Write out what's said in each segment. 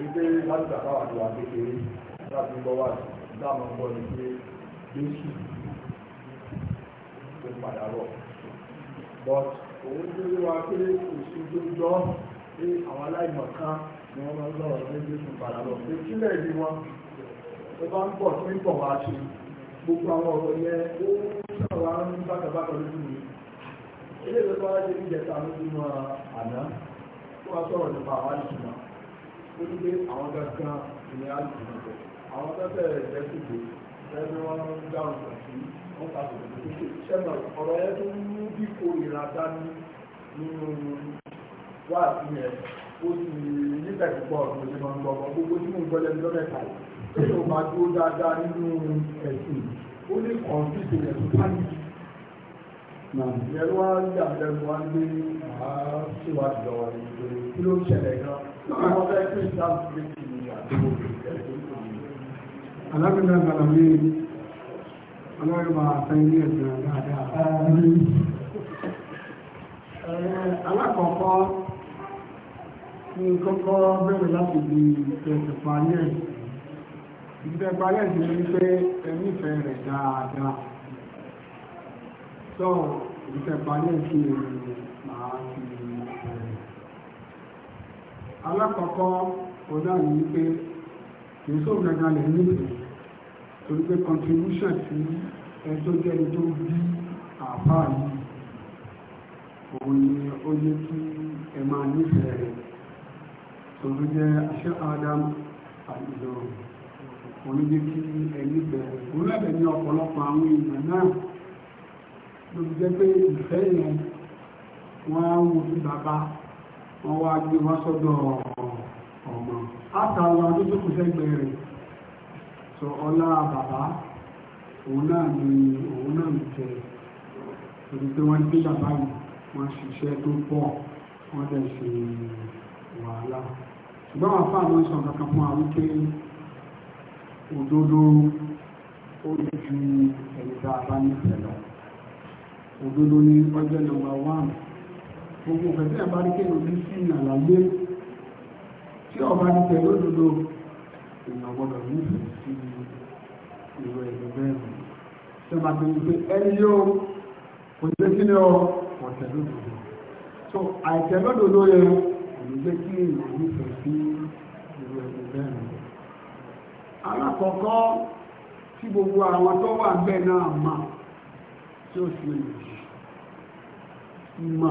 wípé láti bàbá wà lọ́wọ́ kékeré láti gbọ́ wà dáàmú gbọ́ ni pé jésù tó padà bọ̀ but òun tó lé wa pé oṣù tó jọ pé àwọn aláìmọ̀ kan ni wọ́n máa ń sọ̀rọ̀ pé jésù padà bọ̀ pé kílẹ̀ ni wọ́n tó bá ń bọ̀ tó ń bọ̀ wá sí gbogbo àwọn ọ̀rọ̀ yẹn ó sọ̀rọ̀ àwọn bákàbákà lójú mi ilé ìwé bá wá dé ní lójú mọ́ àná tó wá sọ̀rọ̀ nípa àwọn àìsàn tó ní pé àwọn gangan ní àlùfáà jẹ àwọn tẹ́tẹ́ rẹ̀ jẹ́ kùdé lẹ́nu wọn ń dáhùn sí wọn tàbí ìdókòwò sẹ́nà ọ̀rọ̀ yẹn tó ń mú bí kò ìrà dání nínú wá sí yẹn ó sì nígbà púpọ̀ ọ̀dùn ìṣẹ́ máa ń gbọ́ ọ̀gbọ́n gbogbo tí mò ń gbọ́ lẹ́nu yìí pé yóò máa dúró dáadáa nínú ẹ̀sìn ó ní kọ̀ǹfìtì rẹ̀ tó pálí ìyẹn ló wá ń dàbí ẹnu wá ń gbé àá síwájú lọ́wọ́ ní kí ló ń ṣẹlẹ̀ náà alábìnrin àgbàlàmí ọlọ́rọ̀bà àtàrí ẹ̀sìn àdáadáa alákọ̀ọ́kọ́ ní kọ́kọ́ bẹ̀rẹ̀ láti di ìtẹ̀sẹ̀ parí ẹ̀ ìtẹ̀ parí ẹ̀ sí wípé ẹ̀mífẹ́ rẹ̀ dáadáa sọ ìtẹ̀ parí ẹ̀ sí èrò máa ti alákọ̀ọ́kọ́ ọ̀dá ní wípé kìí sọ gàgà lè nílò torí pé contribution tí ẹ tó jẹ́ ẹni tó bí àbá yìí òun ni ó yẹ kí ẹ máa nífẹ̀ẹ́ rẹ̀ torí jẹ́ aṣẹ́ adam àìlò òun jẹ́ kí ẹ nífẹ̀ẹ́ rẹ̀ òun lẹ́bẹ̀ẹ́ ní ọ̀pọ̀lọpọ̀ àwọn èèyàn náà ló jẹ́ pé ìfẹ́ yẹn wọ́n á wo sí bàbá wọ́n wá gbé wọ́n sọ́dọ̀ ọ̀gbọ̀n átàwọn adójókòsẹ́gbẹ̀ rẹ̀ sọ ọlá bàbá òun náà ni òun náà ń jẹ torí pé wọ́n gbé bàbá yìí wọ́n ṣiṣẹ́ tó pọ̀ wọ́n dẹ̀ ṣe wàhálà ṣùgbọ́n wàá fáwọn ń sọ kankan fún wa wípé òdodo ó ju ẹ̀yìn tá a bá nífẹ̀ẹ́ lọ òdodo ni ọjọ́ nọ́mbà one gbogbo òfẹ̀sí àbáríkẹ́ òbí sí àlàyé tí ọba ní pẹ̀lú òdodo èèyàn gbọdọ̀ nífẹ̀ẹ́ sí ìwé ìgbẹ́ ẹ̀rùn tí wọ́n bá ti wípé ẹni yóò kò ní sí ní ọ̀tẹ̀ lódodo so àìtẹ̀ lódodo yẹ kò ní jẹ́ kí èèyàn nífẹ̀ẹ́ sí ìwé ìgbẹ́ ẹ̀rùn alákọ̀ọ́kọ́ tí gbogbo àwọn tó wà bẹ́ẹ̀ náà mà tí ó sì lè jì mà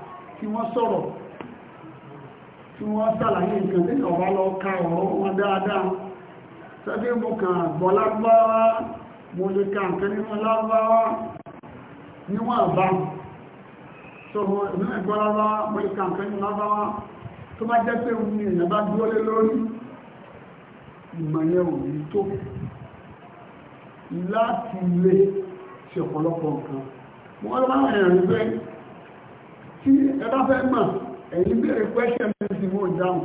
kí wọ́n sọ̀rọ̀ tí wọ́n sàlàyé nǹkan tí ọ̀bá lọ ká ọ̀rọ̀ wọn dáadáa sẹ́bí mo kàn gbọ́ lágbára mo lè ka nǹkan nínú lágbára níwọ̀n àbá tó ìrìnà ẹ̀gbọ́ lágbára mo lè ka nǹkan nínú lágbára tó bá jẹ́ pé òun ni èèyàn bá pé tí ẹbá fẹ́ mọ̀ ẹ̀yìn béèrè question ti wọ́n dáhùn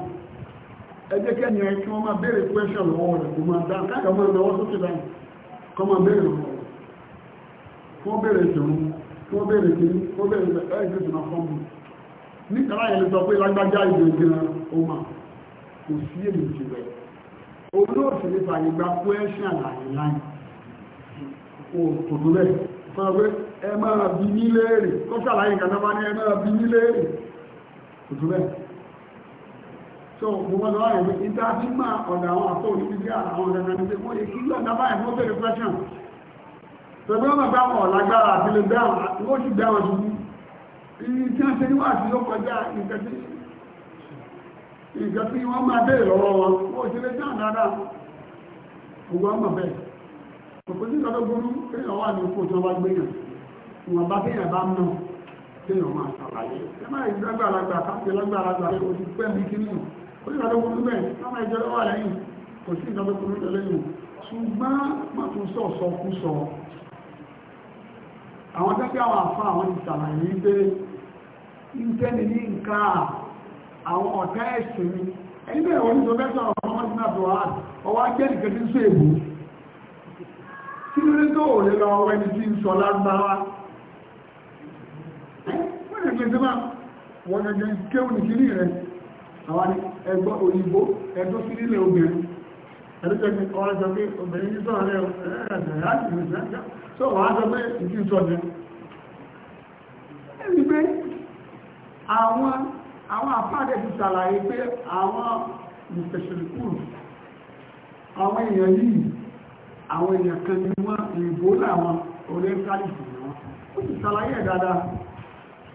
ẹjẹ́ kẹ́ni ẹ kí wọ́n máa béèrè question lọ́wọ́ rẹ̀ kò máa dáhùn káyọ̀ máa lọ́wọ́ sókè dáhùn kọ́ máa béèrè lọ́wọ́ kí wọ́n béèrè ìṣòro kí wọ́n béèrè kí wọ́n béèrè ẹgbẹ́ ìṣòro fọ́ọ̀mù ní kàrá yẹn sọ pé lágbájá ìgbè gan o mà kò ẹ máa bí ní léèrè tó sàlàyé ìkàtà bá ní ẹ máa bí ní léèrè òtù bẹ́ẹ̀ so mo mọ́ lọ́wọ́ ìwé ìdá tí máa ọ̀dà àwọn àtọ́ oníbíbí àwọn ọ̀dà ní pé wọ́n yẹ kí lọ́dà báyìí wọ́n bẹ̀rẹ̀ fẹ́ṣàn pẹ̀lú ọmọ bá wọn lágbára àti lè dá wọ́n sì dá wọn ṣubú ibi tí wọ́n ṣe níwá sí ló kọjá nǹkan tí wọ́n máa bẹ̀rẹ̀ ìwọ̀n bá fẹ́yàn bá mọ̀ fẹ́yàn máa ṣàlàyé ẹ máa ìjọ lágbàlagbà káàkiri lágbàlagbà ó ti pẹ́ mi kí nìyàn ó sì lọ́dọ́ kúrú bẹ́ẹ̀ wọ́n máa ìjọ lọ́wọ́ lẹ́yìn kò sí ìjọba kúrú lẹ́yìn ṣùgbọ́n má tún sọ sọ kú sọ àwọn tẹ́kẹ́ àwọn àfa àwọn ìṣàlàyé pé ń tẹ́ni ní nǹkan àwọn ọ̀tá ẹ̀sìn mi ẹni bẹ́ẹ̀ wọ́n ní sọ bẹ́ẹ̀ sọ̀rọ̀ fún ọmọdé náà tó wá ọwọ́ ajẹ́ nìkan tí ń sọ èbú kí ló dé tó òun lè lọ ọwọ́ ẹni tí ń sọ lágbára kílẹ̀sẹ́mà wọ́n gẹ́gẹ́ kéwù ní kìrí rẹ̀ àwọn ẹgbọ́ òyìnbó ẹgbọ́ sí nílẹ̀ obìnrin ẹ̀lẹ́gbẹ̀ẹ́ ọ̀rẹ́ sọ pé obìnrin ní sọ̀rọ̀ rẹ̀ ẹ̀rẹ́ láti ìrìnṣẹ́ sọ wọ́n á sọ pé ìdí ìsọ̀dẹ̀ ẹ̀rí pé àwọn àwọn àpáàdẹ̀ ti ṣàlàyé pé àwọn ìfẹ̀ṣẹ̀lẹ̀kùn àwọn èèyàn yìí àwọn èèyàn kan ni wọ́n ìbò láwọn orí kálífù wọn ó sì ṣàlàyé dáadáa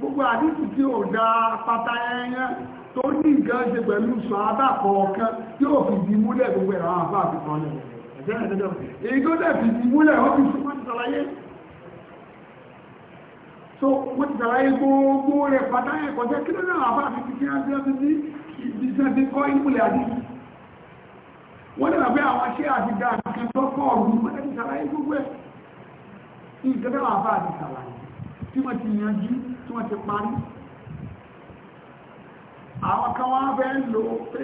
gbogbo àdíkù tí ó dá pátá ẹyẹn tó ní nǹkan ṣe pẹ̀lú sọ abákọ̀ọ̀kan tí ó fi di múlẹ̀ gbogbo ẹ̀rọ o àti kọ́lẹ̀ èyí tó dẹ̀ fi di múlẹ̀ wọ́n ti sọ ti sàlàyé so wọ́n ti sàlàyé o rẹ̀ pátá ẹ̀ kọjá kí ló náà àfà àti kí á jẹ́ ti ní ìdíṣẹ́ ti kọ́ ìmúlẹ̀ àdíkù wọ́n dẹ̀ pé àwọn ṣé àti dá nǹkan tó kọ́ ọ̀rùn wọ́n ti sàlàyé gbogbo ẹ̀ nǹkan náà àfà sàlàyé tí wọ́n ti yanjú tí wọ́n ti parí àwọn kan wá bẹ́ ń lo pé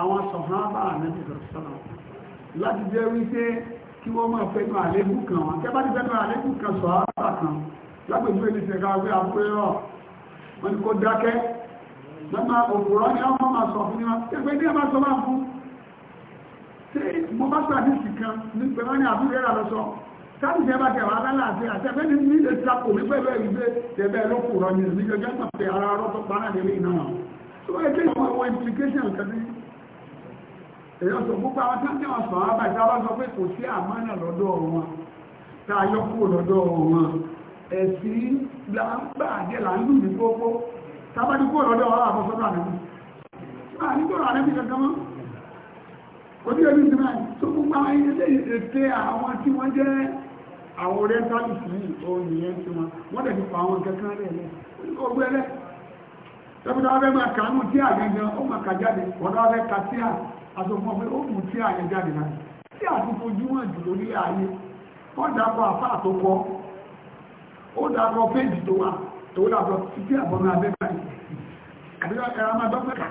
àwọn sọ̀hánbà àmẹ́bí sọ̀rọ̀ láti jẹ́ wípé kí wọ́n máa fẹ́nu àlébù kan wọn tẹ́ bá ti fẹ́nu àlébù kan sọ̀hánbà kan lágbègbè ní ṣẹ̀ká wí àpérò wọn ni kó dákẹ́ lọ́nà òkúrọ́ ní ọmọ máa sọ fún níwá ẹgbẹ́ ní ẹbá sọ máa fún tí mo bá sàdísì kan ní pẹ̀lú ní àbúrẹ́rà lọ́sọ̀ọ́ sáàbì tẹ́ bá tẹ̀ wá lálàáfíà àtẹ́fẹ́ ní ní ilé tíra kò rí pẹ̀lú ẹ̀rí pé tẹ̀bẹ́ ló kù rọ ní ìlú jọjọ́ pàtẹ ara rọ tó pará nílé náà tó wáyé pé ìwọ̀n ìwọ̀n implication kan ní èyàn sọ púpọ̀ àwọn táǹkì wọn sọ àbá a yọ kúrò lọ́dọ̀ wọn ẹ̀sìn là ń gbà jẹ́ là ń lù ní gbogbo tábàdí kúrò lọ́dọ̀ wọn àkọsọ́dọ̀ àdébí àdébí àdébí kankan mọ́ òdí ẹbí sinmi tó gbogbo àwọn ilé ètè àwọn tí wọ́n jẹ́ àwọn orientalist yìí òun nìyẹn tí wọn wọ́n dẹ̀ fi pa àwọn nǹkan rẹ̀ lẹ́ ọgbẹ́ ẹlẹ́ tẹ́bùtà wọn ma máa kà tí àgẹ́gẹ́ ó máa kà jáde ọ̀dọ́ ka tí à ó mú tí àgẹ́ jáde náà tí jù lórí ayé wọ́n dàpọ̀ àfa àtòkọ́ ó dàpọ̀ péjì tó wà tó dàpọ̀ títí àbọ̀nà abẹ́gbà àbíkọ́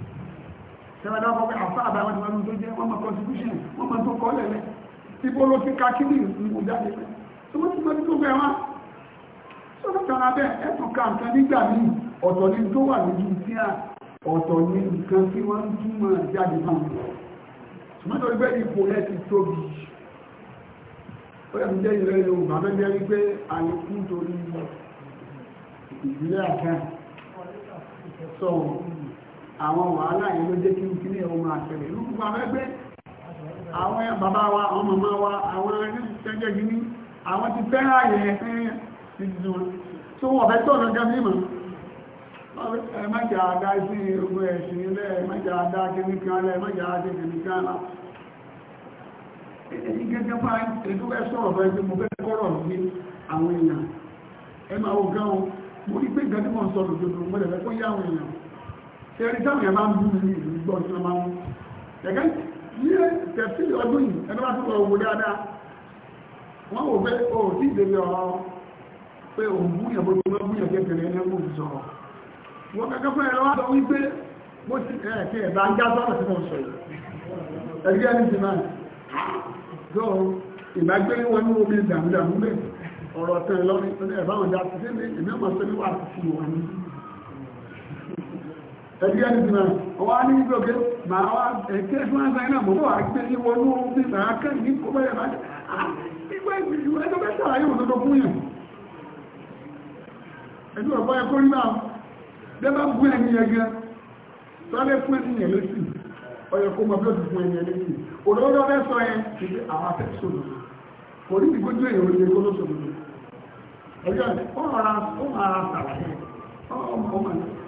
sẹ́wọ́n náà fọ́pẹ́ àfáà bá wọn ti wọn tó jẹ́ wọ́n mọ constitution wọ́n mọ tó kọ́ lẹ̀lẹ̀ ibo ló ti ka kíní ìwò jáde pẹ́ tí wọ́n ti mọ tó bẹ̀ wọn sọ́dọ̀ tara bẹ́ẹ̀ ẹ̀tún ka nǹkan nígbà míì ọ̀tọ̀ ni tó wà lójú sí à ọ̀tọ̀ ni nǹkan tí wọ́n ń túmọ̀ jáde náà ṣùgbọ́n tó gbé ipò rẹ̀ ti tóbi ó yẹ kí àwọn wàhálà yìí ló jẹ́ kí n kíní ọmọ àṣẹlẹ̀ ló kúkú abẹ́gbẹ́ àwọn bàbá wa àwọn màmá wa àwọn ẹgbẹ́ gíní àwọn ti fẹ́ ààyè ẹ̀fẹ́ ti ti wọn tó wọ́n fẹ́ tọ̀nà gẹ́gẹ́ mímọ́ ẹ má jà àdá sí ogun ẹ̀sìn ilẹ̀ ẹ má jà àdá kíní kan lẹ ẹ má jà àdá kíní kan lá èyí gẹ́gẹ́ bá ètò ṣe ẹni táwọn yẹn máa ń bú mi ìlú gbọ́ sí ọmọ wọn gẹ́gẹ́ ní tẹ̀sí ọdún yìí ẹni wọ́n tún lọ wò dáadáa wọ́n wò pé o ti ìdèbè ọ̀rọ̀ pé òun bú yẹn bó ti máa bú yẹn kékeré ẹni ẹgbẹ́ òun sọ̀rọ̀ wọ́n kẹ́kẹ́ fún ẹ lọ́wọ́ sọ wípé mo ti ẹ̀ kí ẹ̀ bá ń já sọ́rọ̀ sí wọn sọ̀rọ̀ ẹ̀rí ẹni ti máa ah, gbọ́ ìbágbé wọn ní omi dàmúdàmú bẹ́ẹ̀ ọ̀rọ̀ tẹ̀ lọ́rin ẹ̀bá wọn já sí ní ẹgbẹ́ ìgbìmọ̀ ọwá ní ìgbòkè ma wá ẹ̀kẹ́ fún àgbà iná mọ́ wà gbé ní wọnú orí ma kẹ́ ní kó bẹ́ẹ̀ bá nígbà ìgbìmọ̀ ẹjọ́ bẹ́ sàlàyé òdodo fún yẹn ẹjọ́ ọ̀pọ̀ ẹkọ́ rí náà dẹ́bà bú ẹni ẹgbẹ́ tọ́lé fún ẹni yẹn lẹ́sì ọyọ kó mọ bíọ́dù fún ẹni lẹ́sì òdodo bẹ́ sọ yẹn ti fi àwọn afẹ́sọ̀dọ̀ kò ní ìgbójú èèyàn olè kó ló sọ̀dọ̀ ẹjọ́ ọ̀rọ̀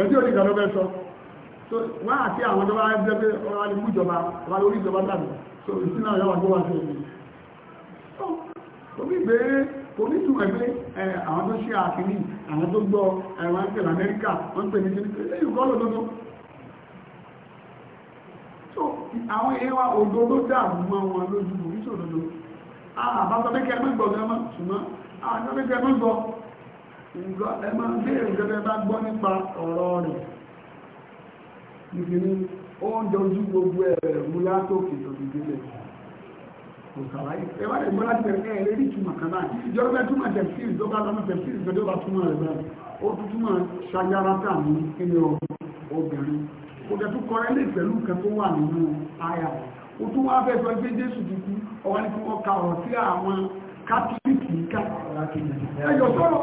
ẹ̀tí ò ní ìjọba bẹ́ sọ so wọ́n àti àwọn jọba ẹgbẹ́ pé ọ̀rọ̀ alìmú ìjọba wà lórí ìjọba tàbí so ìsìn náà yàwà tó wà sí ẹ̀mí omi gbé omi tún ẹgbẹ́ àwọn tó ṣe àkíní àwọn tó gbọ́ ẹ̀wọ̀n ń pèlè Amẹ́ríkà wọ́n ń pè ní kíní lẹ́yìn kọ́ lódodo so àwọn èèyàn wa òdodo dààmú mọ́ wọn lójú kò ní sòdodo àbátọ́ mẹ́kẹ́ mẹ́gbọ́ gẹ́mọ́ ṣùgbọ́n àbátọ́ mẹ́kẹ́ mẹ́gbọ́ ẹ máa béèrè gẹ́gẹ́ bá gbọ́ nípa ọ̀rọ̀ rẹ̀ nígbìní ó ń dojú gbogbo ẹ̀rẹ̀ mú látòkè tó ti délẹ̀ kò sàlàyé ẹ wá lè múra tẹ̀ ẹ lè rí túmọ̀ kan náà ìjọba bẹ́ẹ̀ túmọ̀ tẹ̀síìrì tó bá lọ́nà tẹ̀síìrì tó bá túmọ̀ rẹ̀ bẹ́ẹ̀ ó tún túmọ̀ ṣayárátà ní kíni obìnrin kò tẹ̀ tún kọrẹ́ lè pẹ̀lú nǹkan tó wà nínú àyà ó tún wá fẹ́ sọ pé Jésù ti kú ọwọ́ ni kí wọ́n ka ọ̀rọ̀ sí àwọn kátólíìkì ká ẹjọ́ sọ̀rọ̀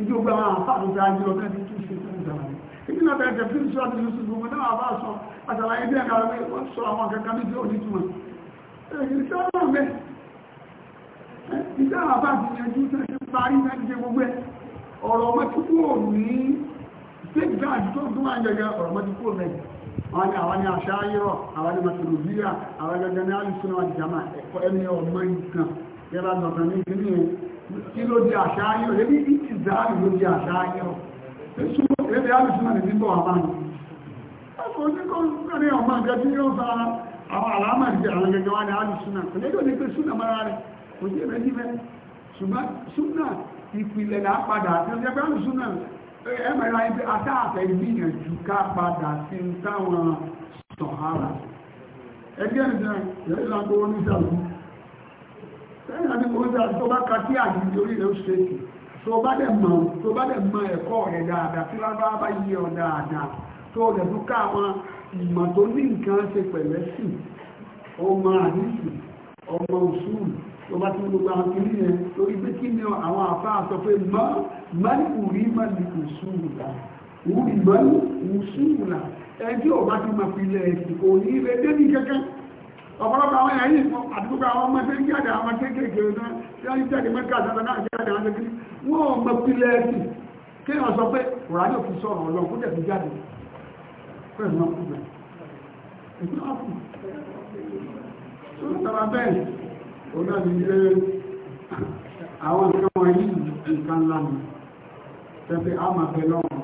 ìjọ gba àwọn àfáàrùn tí a jí lọ tẹ́ ti tún ṣe fún ìjọba ìbí náà tẹ́ẹ̀tẹ̀ fi ń sọ àti yusuf gbogbo náà àbá sọ àtàlàyé bí ẹ̀ka rẹ̀ wọ́n sọ àwọn akẹ́kọ̀ọ́ ní tí ó nítumọ̀ èyí tí ó rọ̀ mẹ́ ìjọ àbá ti yanjú tẹ́ ti parí náà ti jẹ gbogbo ẹ̀ ọ̀rọ̀ ọmọ tí kú ò ní safeguard tó àwọn ni àwọn ni àwọn gẹ́gẹ́ ní alùsùn náà ẹ̀kọ́ ẹni ọmọ nǹkan yẹ́lá lọ́tàn ní ìpínlẹ̀ kí ló di àṣáyàn ebi ìtì záàrì ló di àṣáyàn ebi alùsùnà lè níbọ̀ àbáyé ẹ̀kọ́ oníkọ̀ọ́rẹ́ ọmọ ìjọ tí yóò fa àwọn àlámà ìjọ àwọn gẹ́gẹ́ wá ní alùsùnà kò lẹ́gbẹ̀ẹ́ ní pé súnà mara rẹ̀ kò jẹ́ rẹ̀ níbẹ̀ ṣùgbọ́n súnà ìpìlẹ̀ là padà tí ó jẹ́ pé alùsùnà ẹ̀mẹ̀ra ibi atáàfẹ́ gbìyànjú ká padà sí táwọn sọ̀hárà ẹgbẹ́ ìjọ ìjọ ìlànà owó ní sàlùmù sẹ́yìn é tó bá dẹ̀ mọ̀ tó bá dẹ̀ mọ̀ ẹ̀kọ́ rẹ̀ dáadáa tí wọ́n bá bá yí ọ dáadáa tó rẹ̀ tó ká àwọn ìmọ̀ tó ní nǹkan ṣe pẹ̀lẹ́ sí ọmọ àdìsí ọmọ òṣùwù tó bá ti gbogbo àwọn kìíní yẹn lórí pé kí ni àwọn àfa sọ pé mọ́ mọ́lìkù rí mọ́lìkù òṣùwù là òun ìmọ̀lù òṣùwù là ẹjọ́ ọba ti máa fi lẹ̀ ẹ̀sìn kò ní kankan ọ̀pọ̀lọpọ̀ àwọn èèyàn yìí àdúgbò àwọn ọmọ tó ń jáde àwọn kéékèèké náà tí wọ́n jáde mẹ́ta àtàtà náà jáde àwọn kéékèèké wọ́n ò mọ pílẹ̀ ẹ̀sì kí wọ́n sọ pé kòránì òfin sọ̀rọ̀ ọlọ́run kó dẹ̀ fi jáde pẹ̀lú ọkùnrin ìpínlẹ̀ ọkùnrin tó ń tara bẹ́ẹ̀ òun náà ní ilé àwọn nǹkan wọ̀nyí nǹkan ńlá tẹ́fẹ́ á máa bẹ lọ́rùn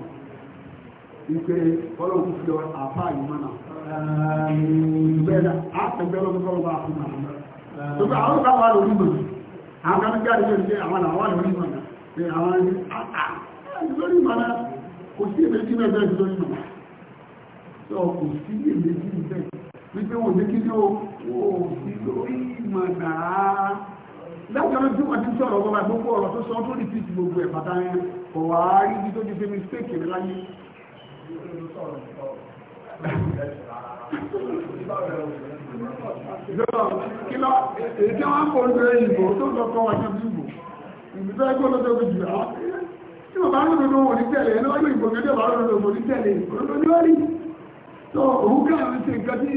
wípé ọlọ́run fi àfáà yìí ìgbẹ́dà àtẹ̀gbẹ́ lọ́gbọ́n bá fún àwọn ọmọ àwọn ọmọ àwọn olùgbò àwọn kanájá ilé ilé àwọn àwọn olùgbò náà àwọn lórí ìmọ̀lá kò sí èdè tí mẹ́bẹ́ lórí ìmọ̀lá sọ kò sí èdè tí mẹ́bẹ́ wípé wọ́n lékí ní o sí lórí ìmọ̀lá lẹ́gbẹ̀rún tí wọ́n ti sọ̀rọ̀ ọgbọ́n gbogbo ọ̀rọ̀ tó sọ tó rí fíìtì gbogbo ẹ̀ pátá yẹn kọ̀ wá rí ibi tó ti fi mi fèkèrè láyé Kílọ̀ èdè wọn kò ń bẹ̀rẹ̀ ìbò tó lọ kọ́ wájú ìbò. Ìbífẹ́ kó lọ́jọ́ bí jù á. Tí bàbá ń rọ̀dọ̀ wọn ní tẹ̀lé, ẹni wọ́n ní ìbò gẹ́gẹ́ bàbá rọ̀dọ̀ wọn ní tẹ̀lé, rọ̀dọ̀ ní wọ́n rí. Tó òun kà ń ṣe nǹkan tí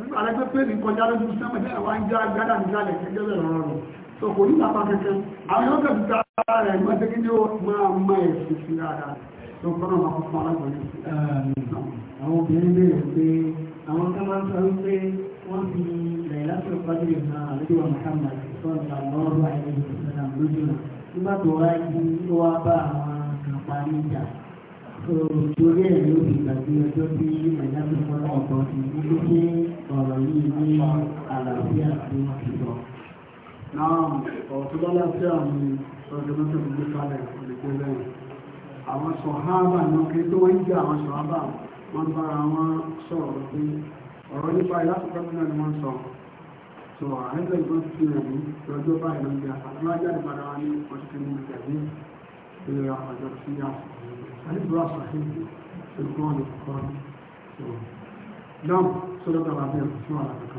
nígbà rẹ̀ pé pé ní kọjá lójú sẹ́mọ̀ àwọn ọkọ̀ ti tààrà rẹ̀ mọ́tẹ́kí ní ó máa mọ́ èsì sí ara tó kọ́nà ọkọ̀ fún alágbọ̀nì. àwọn obìnrin bèèrè pé àwọn ọkọ̀ máa ń sọ wípé wọ́n fi lẹ́yìnláṣọ̀ pàdé náà àlejò Muhammad sọ́ọ̀tà lọ́rọ̀ àìlẹ́yìn ìṣẹ̀lẹ̀ lójú náà nígbà tó wá di ó wá bá àwọn kàpá Náà ọ̀tọ́lọ́lá tí àwọn ọ̀tọ́lọ́tọ̀ gbogbo kalẹ̀ ìgbẹ́ lẹ́yìn. Àwọn sọ̀hábà náà kí tó wọ́n jẹ́ àwọn sọ̀hábà wọ́n bá wọn sọ̀rọ̀ pé ọ̀rọ̀ nípa ìlàkùnkọ́ nínú ni wọ́n sọ. Sọ àrẹ́gbẹ́ ìgbọ́n ti rẹ̀ ní lọ́jọ́ báyìí ló ń jẹ́ àtàlájáde padà wá ní ọjọ́ tí mo jẹ̀ ní ilẹ̀ ọjọ́ tí a sọ. Àníbùrọ̀ sọ̀hìn ṣe kọ́ ọ̀nà kọ́ ọ̀nà. Náà sọ́dọ̀